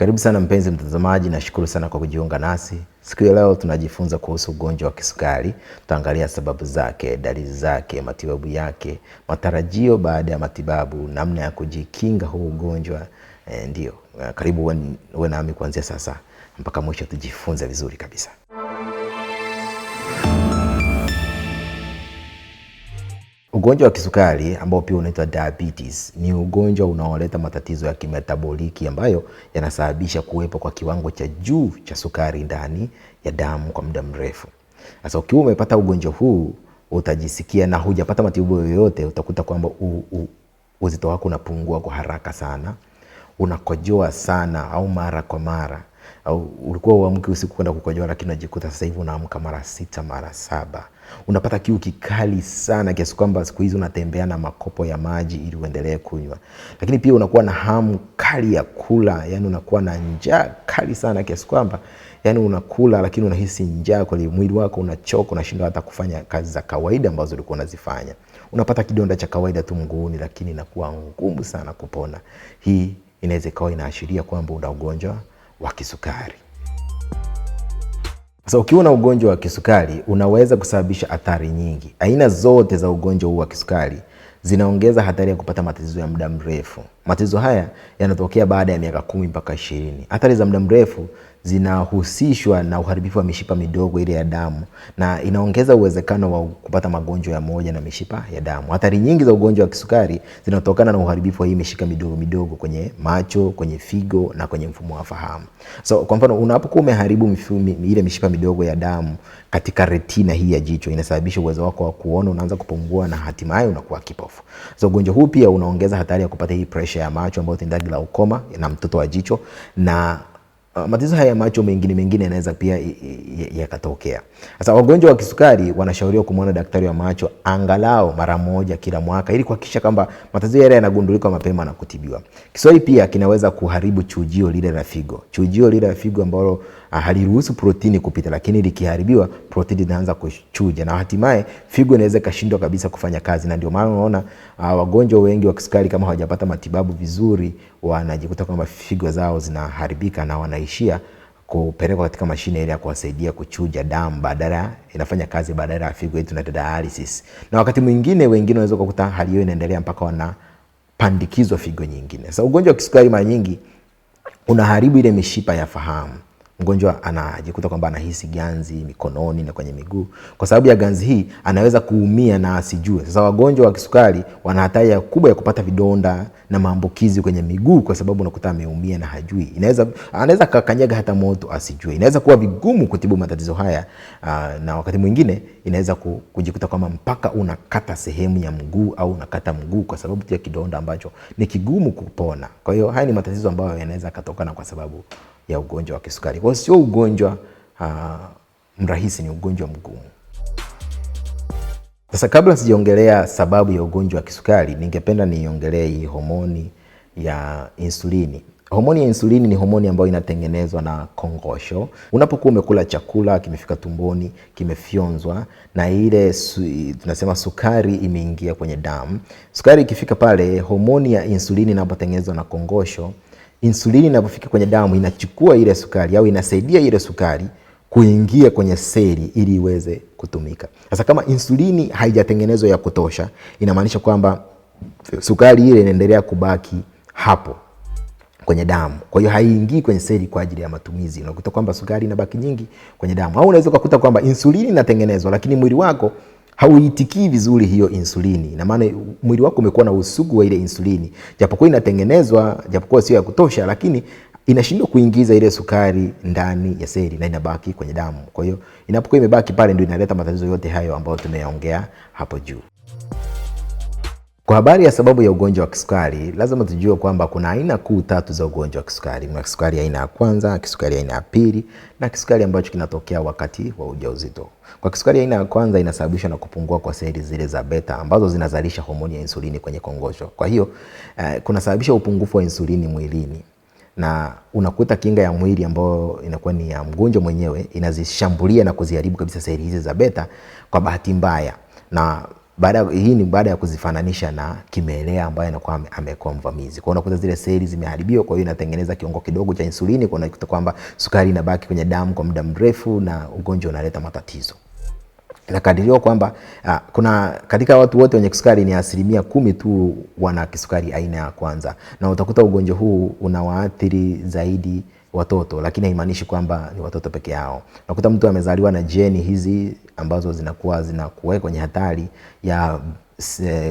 Karibu sana mpenzi mtazamaji, nashukuru sana kwa kujiunga nasi siku ya leo. Tunajifunza kuhusu ugonjwa wa kisukari, tutaangalia sababu zake, dalili zake, matibabu yake, matarajio baada ya matibabu, namna ya kujikinga huu ugonjwa e, ndio karibu uwe nami kuanzia sasa mpaka mwisho, tujifunze vizuri kabisa. Ugonjwa wa kisukari ambao pia unaitwa diabetes ni ugonjwa unaoleta matatizo ya kimetaboliki ambayo yanasababisha kuwepo kwa kiwango cha juu cha sukari ndani ya damu kwa muda mrefu. Sasa ukiwa umepata ugonjwa huu utajisikia na hujapata matibabu yoyote, utakuta kwamba uzito wako unapungua kwa haraka sana, unakojoa sana au mara kwa mara, au ulikuwa uamki usiku kwenda kukojoa, lakini unajikuta sasa hivi unaamka mara sita mara saba unapata kiu kikali sana kiasi kwamba siku hizi unatembea na makopo ya maji ili uendelee kunywa. Lakini pia unakuwa na hamu kali ya kula, yani unakuwa na njaa kali sana kiasi kwamba yani unakula lakini unahisi njaa kwenye mwili wako, unachoka, unashindwa hata kufanya kazi za kawaida ambazo ulikuwa unazifanya. Unapata kidonda cha kawaida tu mguuni, lakini inakuwa ngumu sana kupona. Hii inaweza ikawa inaashiria kwamba una ugonjwa wa kisukari. Sasa ukiwa na ugonjwa wa kisukari unaweza kusababisha athari nyingi. Aina zote za ugonjwa huu wa kisukari zinaongeza hatari ya kupata matatizo ya muda mrefu. Matatizo haya yanatokea baada ya miaka kumi mpaka ishirini. Athari za muda mrefu zinahusishwa na uharibifu wa mishipa midogo ile ya damu na inaongeza uwezekano wa kupata magonjwa ya moyo na mishipa ya damu. Athari nyingi za ugonjwa wa kisukari zinatokana na uharibifu wa hii mishipa midogo midogo kwenye macho, kwenye figo na kwenye mfumo wa fahamu. So kwa mfano, unapokuwa umeharibu ile mishipa midogo ya damu katika retina hii ya jicho, inasababisha uwezo wako wa kuona unaanza kupungua na hatimaye unakuwa kipofu. So ugonjwa huu pia unaongeza hatari ya kupata hii pressure presha ya macho ambayo ni la ukoma na mtoto wa jicho na uh, matatizo haya ya macho mengine mengine yanaweza pia yakatokea. Sasa wagonjwa wa kisukari wanashauriwa kumwona daktari wa macho angalau mara moja kila mwaka ili kuhakikisha kwamba matatizo yale yanagundulika mapema na kutibiwa. Kisukari pia kinaweza kuharibu chujio lile la figo. Chujio lile la figo ambalo Ah, haliruhusu protini kupita, lakini likiharibiwa protini inaanza kuchuja na hatimaye figo inaweza ikashindwa kabisa kufanya kazi, na ndio maana unaona uh, wagonjwa wengi wa kisukari kama hawajapata matibabu vizuri, wanajikuta kwamba figo zao zinaharibika na wanaishia kupelekwa katika mashine ile ya kuwasaidia kuchuja damu, badala inafanya kazi badala ya figo yetu na dialysis. Na wakati mwingine wengine wanaweza kukuta hali hiyo inaendelea mpaka wanapandikizwa figo nyingine. Sasa ugonjwa wa kisukari mara nyingi unaharibu ile mishipa ya fahamu mgonjwa anajikuta kwamba anahisi ganzi mikononi na kwenye miguu. Kwa sababu ya ganzi hii anaweza kuumia na asijue. Sasa wagonjwa wa kisukari wana hatari kubwa ya kupata vidonda na maambukizi kwenye miguu, kwa sababu unakuta ameumia na hajui. Inaweza anaweza kakanyaga hata moto asijue. Inaweza kuwa vigumu kutibu matatizo haya ah, na wakati mwingine inaweza kujikuta kwamba mpaka unakata sehemu ya mguu au unakata mguu kwa sababu ya kidonda ambacho ni kigumu kupona. Kwa hiyo haya ni matatizo ambayo yanaweza katokana kwa sababu ya ugonjwa wa kisukari. Kwa hiyo sio ugonjwa uh, mrahisi, ni ugonjwa mgumu. Sasa kabla sijaongelea sababu ya ugonjwa wa kisukari, ningependa niongelee hii homoni ya insulini. Homoni ya insulini ni homoni ambayo inatengenezwa na kongosho. Unapokuwa umekula chakula kimefika tumboni, kimefyonzwa na ile su, tunasema sukari imeingia kwenye damu. Sukari ikifika pale, homoni ya insulini inapotengenezwa na kongosho insulini inapofika kwenye damu inachukua ile sukari au inasaidia ile sukari kuingia kwenye seli ili iweze kutumika. Sasa kama insulini haijatengenezwa ya kutosha, inamaanisha kwamba sukari ile inaendelea kubaki hapo kwenye damu, kwa hiyo haiingii kwenye seli kwa ajili ya matumizi. Unakuta kwamba sukari inabaki nyingi kwenye damu, au unaweza kukuta kwamba insulini inatengenezwa, lakini mwili wako hauitikii vizuri hiyo insulini, na maana mwili wako umekuwa na usugu wa ile insulini, japokuwa inatengenezwa, japokuwa sio ya kutosha, lakini inashindwa kuingiza ile sukari ndani ya seli na inabaki kwenye damu. Kwa hiyo inapokuwa imebaki pale, ndio inaleta matatizo yote hayo ambayo tumeyaongea hapo juu. Kwa habari ya sababu ya ugonjwa wa kisukari, lazima tujue kwamba kuna aina kuu tatu za ugonjwa wa kisukari. Kuna kisukari aina ya kwanza, kisukari aina ya pili na kisukari ambacho kinatokea wakati wa ujauzito. Kwa kisukari aina ya kwanza inasababishwa na kupungua kwa seli zile za beta ambazo zinazalisha homoni ya insulini kwenye kongosho. Kwa hiyo eh, kunasababisha upungufu wa insulini mwilini na unakuta kinga ya mwili ambayo inakuwa ni ya mgonjwa mwenyewe inazishambulia na kuziharibu kabisa seli hizi za beta kwa bahati mbaya na baada, hii ni baada ya kuzifananisha na kimelea ambaye anakuwa amekuwa mvamizi. Kwa hiyo unakuta zile seli zimeharibiwa, kwa hiyo inatengeneza kiwango kidogo cha insulini, kwa unakuta kwamba sukari inabaki kwenye damu kwa muda mrefu na ugonjwa unaleta matatizo. nakadiriwa kwamba ah, kuna katika watu wote wenye kisukari ni asilimia kumi tu wana kisukari aina ya kwanza, na utakuta ugonjwa huu unawaathiri zaidi watoto, lakini haimaanishi kwamba ni watoto peke yao. nakuta mtu amezaliwa na jeni hizi ambazo zinakuwa zinakuweka kwenye hatari ya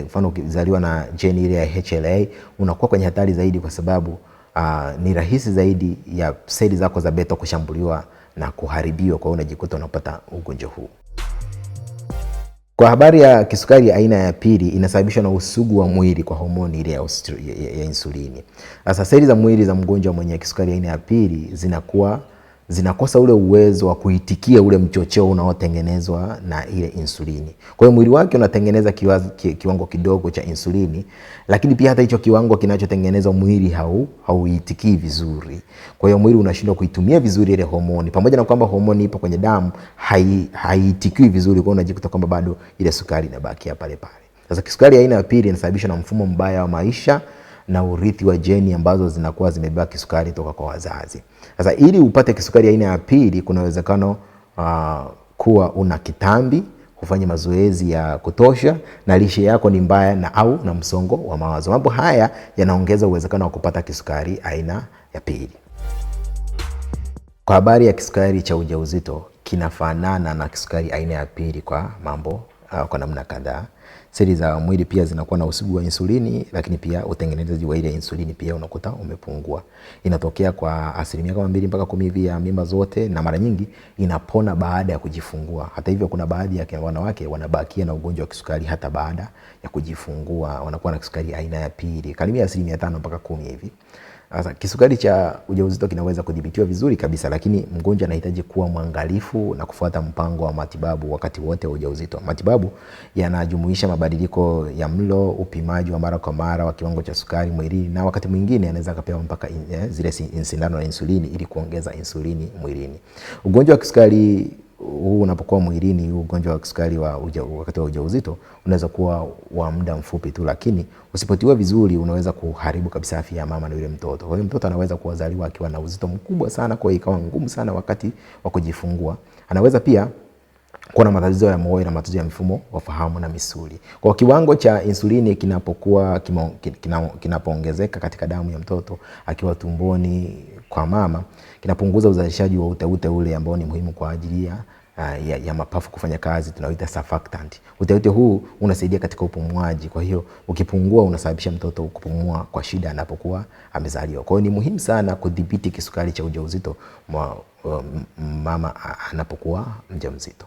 mfano, ukizaliwa na jeni ile ya HLA unakuwa kwenye hatari zaidi, kwa sababu uh, ni rahisi zaidi ya seli zako za beta kushambuliwa na kuharibiwa, kwa hiyo unajikuta unapata ugonjwa huu. Kwa habari ya kisukari aina ya pili inasababishwa na usugu wa mwili kwa homoni ile ya, ya, ya insulini. Sasa seli za mwili za mgonjwa mwenye kisukari aina ya pili zinakuwa zinakosa ule uwezo wa kuitikia ule mchocheo unaotengenezwa na ile insulini. Kwa hiyo mwili wake unatengeneza kiwango kidogo cha insulini, lakini pia hata hicho kiwango kinachotengenezwa mwili hau hauitikii vizuri. Kwa hiyo mwili unashindwa kuitumia vizuri ile homoni, pamoja na kwamba homoni ipo kwenye damu, haiitikii hai vizuri. Kwa hiyo unajikuta kwamba bado ile sukari inabakia pale pale. Sasa kisukari aina ya pili inasababishwa na mfumo mbaya wa maisha na urithi wa jeni ambazo zinakuwa zimebeba kisukari toka kwa wazazi. Sasa ili upate kisukari aina ya pili, kuna uwezekano uh, kuwa una kitambi, hufanya mazoezi ya kutosha, na lishe yako ni mbaya na au na msongo wa mawazo. Mambo haya yanaongeza uwezekano wa kupata kisukari aina ya pili. Kwa habari ya kisukari cha ujauzito, kinafanana na kisukari aina ya pili kwa mambo uh, kwa namna kadhaa seli za mwili pia zinakuwa na usugu wa insulini, lakini pia utengenezaji wa ile insulini pia unakuta umepungua. Inatokea kwa asilimia kama mbili mpaka kumi hivi ya mimba zote, na mara nyingi inapona baada ya kujifungua. Hata hivyo, kuna baadhi ya wanawake wanabakia na ugonjwa wa kisukari hata baada ya kujifungua, wanakuwa na kisukari aina ya pili, karibia asilimia tano mpaka kumi hivi. Sasa kisukari cha ujauzito kinaweza kudhibitiwa vizuri kabisa, lakini mgonjwa anahitaji kuwa mwangalifu na kufuata mpango wa matibabu wakati wote wa ujauzito. Matibabu yanajumuisha mabadiliko ya mlo, upimaji wa mara kwa mara wa kiwango cha sukari mwilini, na wakati mwingine anaweza akapewa mpaka in, eh, zile sindano na insulini ili kuongeza insulini mwilini. Ugonjwa wa kisukari huu unapokuwa mwilini, huu ugonjwa wa kisukari wa uja, wakati wa ujauzito unaweza kuwa wa muda mfupi tu, lakini usipotiwa vizuri unaweza kuharibu kabisa afya ya mama na yule mtoto. Kwa hiyo mtoto anaweza kuzaliwa akiwa na uzito mkubwa sana, kwa hiyo ikawa ngumu sana wakati wa kujifungua. Anaweza pia kuwa na matatizo ya moyo na matatizo ya mfumo wa fahamu na misuli. Kwa kiwango cha insulini kinapokuwa kinapoongezeka katika damu ya mtoto akiwa tumboni kwa mama, kinapunguza uzalishaji wa uteute ule ambao ni muhimu kwa ajili ya eh, ya, ya mapafu kufanya kazi tunaoita surfactant. Uteute huu unasaidia katika upumuaji, kwa hiyo ukipungua unasababisha mtoto kupumua kwa shida anapokuwa amezaliwa. Kwa hiyo ni muhimu sana kudhibiti kisukari cha ujauzito mwa eh, mama anapokuwa mjamzito.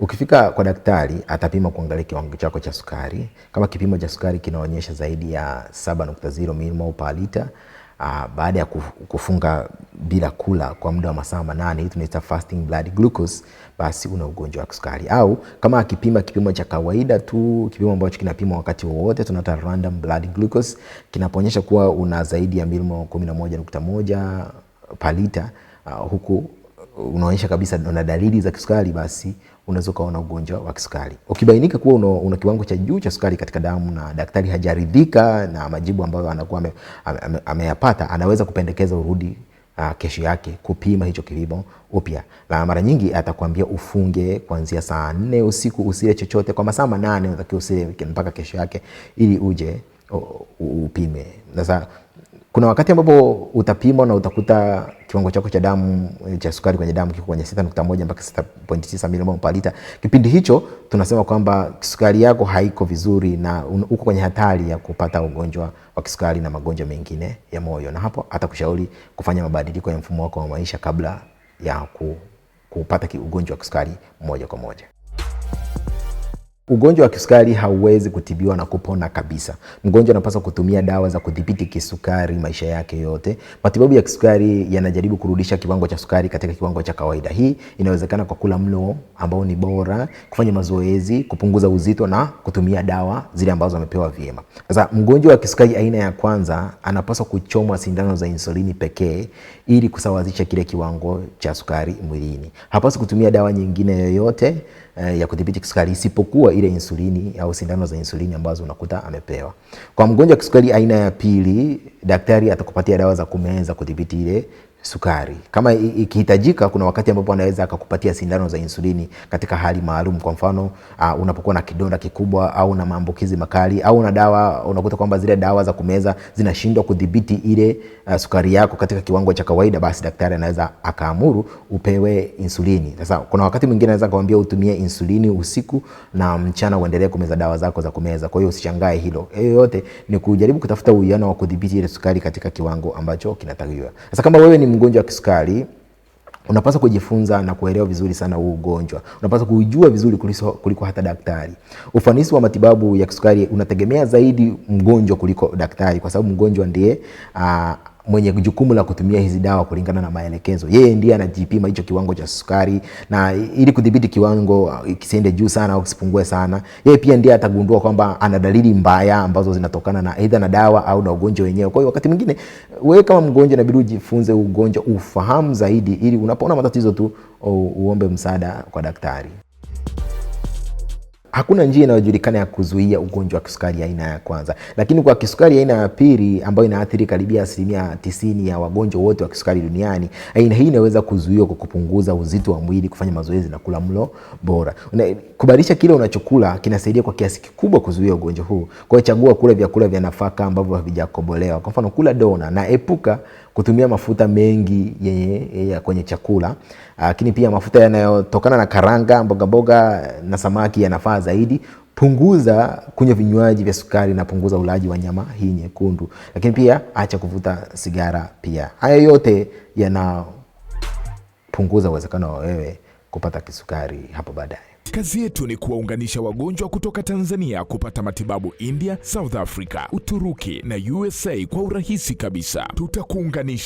Ukifika kwa daktari atapima kuangalia kiwango chako cha sukari. Kama kipimo cha sukari kinaonyesha zaidi ya 7.0 mmol per lita, uh, baada ya kufunga bila kula kwa muda wa masaa manane, hii tunaita fasting blood glucose, basi una ugonjwa wa kisukari. Au kama akipima kipimo cha kawaida tu, kipimo ambacho kinapimwa wakati wowote, tunaita random blood glucose, kinapoonyesha kuwa una zaidi ya mmol 11.1 per lita, uh, huku unaonyesha kabisa una dalili za kisukari, basi unaweza ukawa na ugonjwa wa kisukari. Ukibainika kuwa una, una kiwango cha juu cha sukari katika damu na daktari hajaridhika na majibu ambayo anakuwa ameyapata, ame, ame anaweza kupendekeza urudi uh, kesho yake kupima hicho kipimo upya, na mara nyingi atakwambia ufunge kuanzia saa nne usiku usile chochote kwa masaa manane, unatakiwa usile mpaka kesho yake ili uje upime sasa kuna wakati ambapo utapimwa na utakuta kiwango chako cha damu eh, cha sukari kwenye damu kiko kwenye 6.1 mpaka 6.9 milimoli kwa lita. Kipindi hicho tunasema kwamba sukari yako haiko vizuri na uko kwenye hatari ya kupata ugonjwa wa kisukari na magonjwa mengine ya moyo, na hapo atakushauri kufanya mabadiliko ya mfumo wako wa maisha kabla ya kupata ugonjwa wa kisukari moja kwa moja. Ugonjwa wa kisukari hauwezi kutibiwa na kupona kabisa. Mgonjwa anapaswa kutumia dawa za kudhibiti kisukari maisha yake yote. Matibabu ya kisukari yanajaribu kurudisha kiwango cha sukari katika kiwango cha kawaida. Hii inawezekana kwa kula mlo ambao ni bora, kufanya mazoezi, kupunguza uzito na kutumia dawa zile ambazo amepewa vyema. Sasa mgonjwa wa kisukari aina ya kwanza anapaswa kuchomwa sindano za insulini pekee ili kusawazisha kile kiwango cha sukari mwilini. Hapaswi kutumia dawa nyingine yoyote eh, ya kudhibiti kisukari isipokuwa ile insulini au sindano za insulini ambazo unakuta amepewa. Kwa mgonjwa kisukari aina ya pili, daktari atakupatia dawa za kumeza kudhibiti ile sukari kama ikihitajika. Kuna wakati ambapo anaweza akakupatia sindano za insulini katika hali maalum. Kwa mfano uh, unapokuwa na kidonda kikubwa au na maambukizi makali au na dawa, unakuta kwamba zile dawa za kumeza zinashindwa kudhibiti ile uh, sukari yako katika kiwango cha kawaida, basi daktari anaweza akaamuru upewe insulini. Sasa kuna wakati mwingine anaweza akamwambia utumie insulini usiku na mchana uendelee kumeza dawa zako za kumeza. Kwa hiyo usishangae hilo, hiyo yote ni kujaribu kutafuta uwiano wa kudhibiti ile sukari katika kiwango ambacho kinatakiwa. Sasa kama wewe ni mgonjwa wa kisukari unapaswa kujifunza na kuelewa vizuri sana huu ugonjwa, unapaswa kujua vizuri kuliko hata daktari. Ufanisi wa matibabu ya kisukari unategemea zaidi mgonjwa kuliko daktari, kwa sababu mgonjwa ndiye uh, mwenye jukumu la kutumia hizi dawa kulingana na maelekezo. Yeye ndiye anajipima hicho kiwango cha sukari, na ili kudhibiti kiwango uh, kisiende juu sana au kisipungue sana, yeye pia ndiye atagundua kwamba ana dalili mbaya ambazo zinatokana na aidha na dawa au na ugonjwa wenyewe. Kwa hiyo wakati mwingine wewe kama mgonjwa inabidi ujifunze ugonjwa, ufahamu zaidi, ili unapoona matatizo tu uombe msaada kwa daktari. Hakuna njia inayojulikana ya kuzuia ugonjwa wa kisukari aina ya, ya kwanza, lakini kwa kisukari aina ya, ya pili ambayo inaathiri karibia asilimia tisini ya wagonjwa wote wa kisukari duniani, aina hii inaweza kuzuiwa kwa kupunguza uzito wa mwili, kufanya mazoezi na kula mlo bora. Kubadilisha kile unachokula kinasaidia kwa kiasi kikubwa kuzuia ugonjwa huu. Kwa hiyo chagua kula vyakula vya nafaka ambavyo havijakobolewa, kwa mfano kula dona na epuka kutumia mafuta mengi yenye ya kwenye chakula, lakini pia mafuta yanayotokana na karanga, mbogamboga na samaki yanafaa zaidi. Punguza kunywa vinywaji vya sukari na punguza ulaji wa nyama hii nyekundu, lakini pia acha kuvuta sigara. Pia haya yote yanapunguza uwezekano wa wewe kupata kisukari hapo baadaye. Kazi yetu ni kuwaunganisha wagonjwa kutoka Tanzania kupata matibabu India, South Africa, Uturuki na USA kwa urahisi kabisa. Tutakuunganisha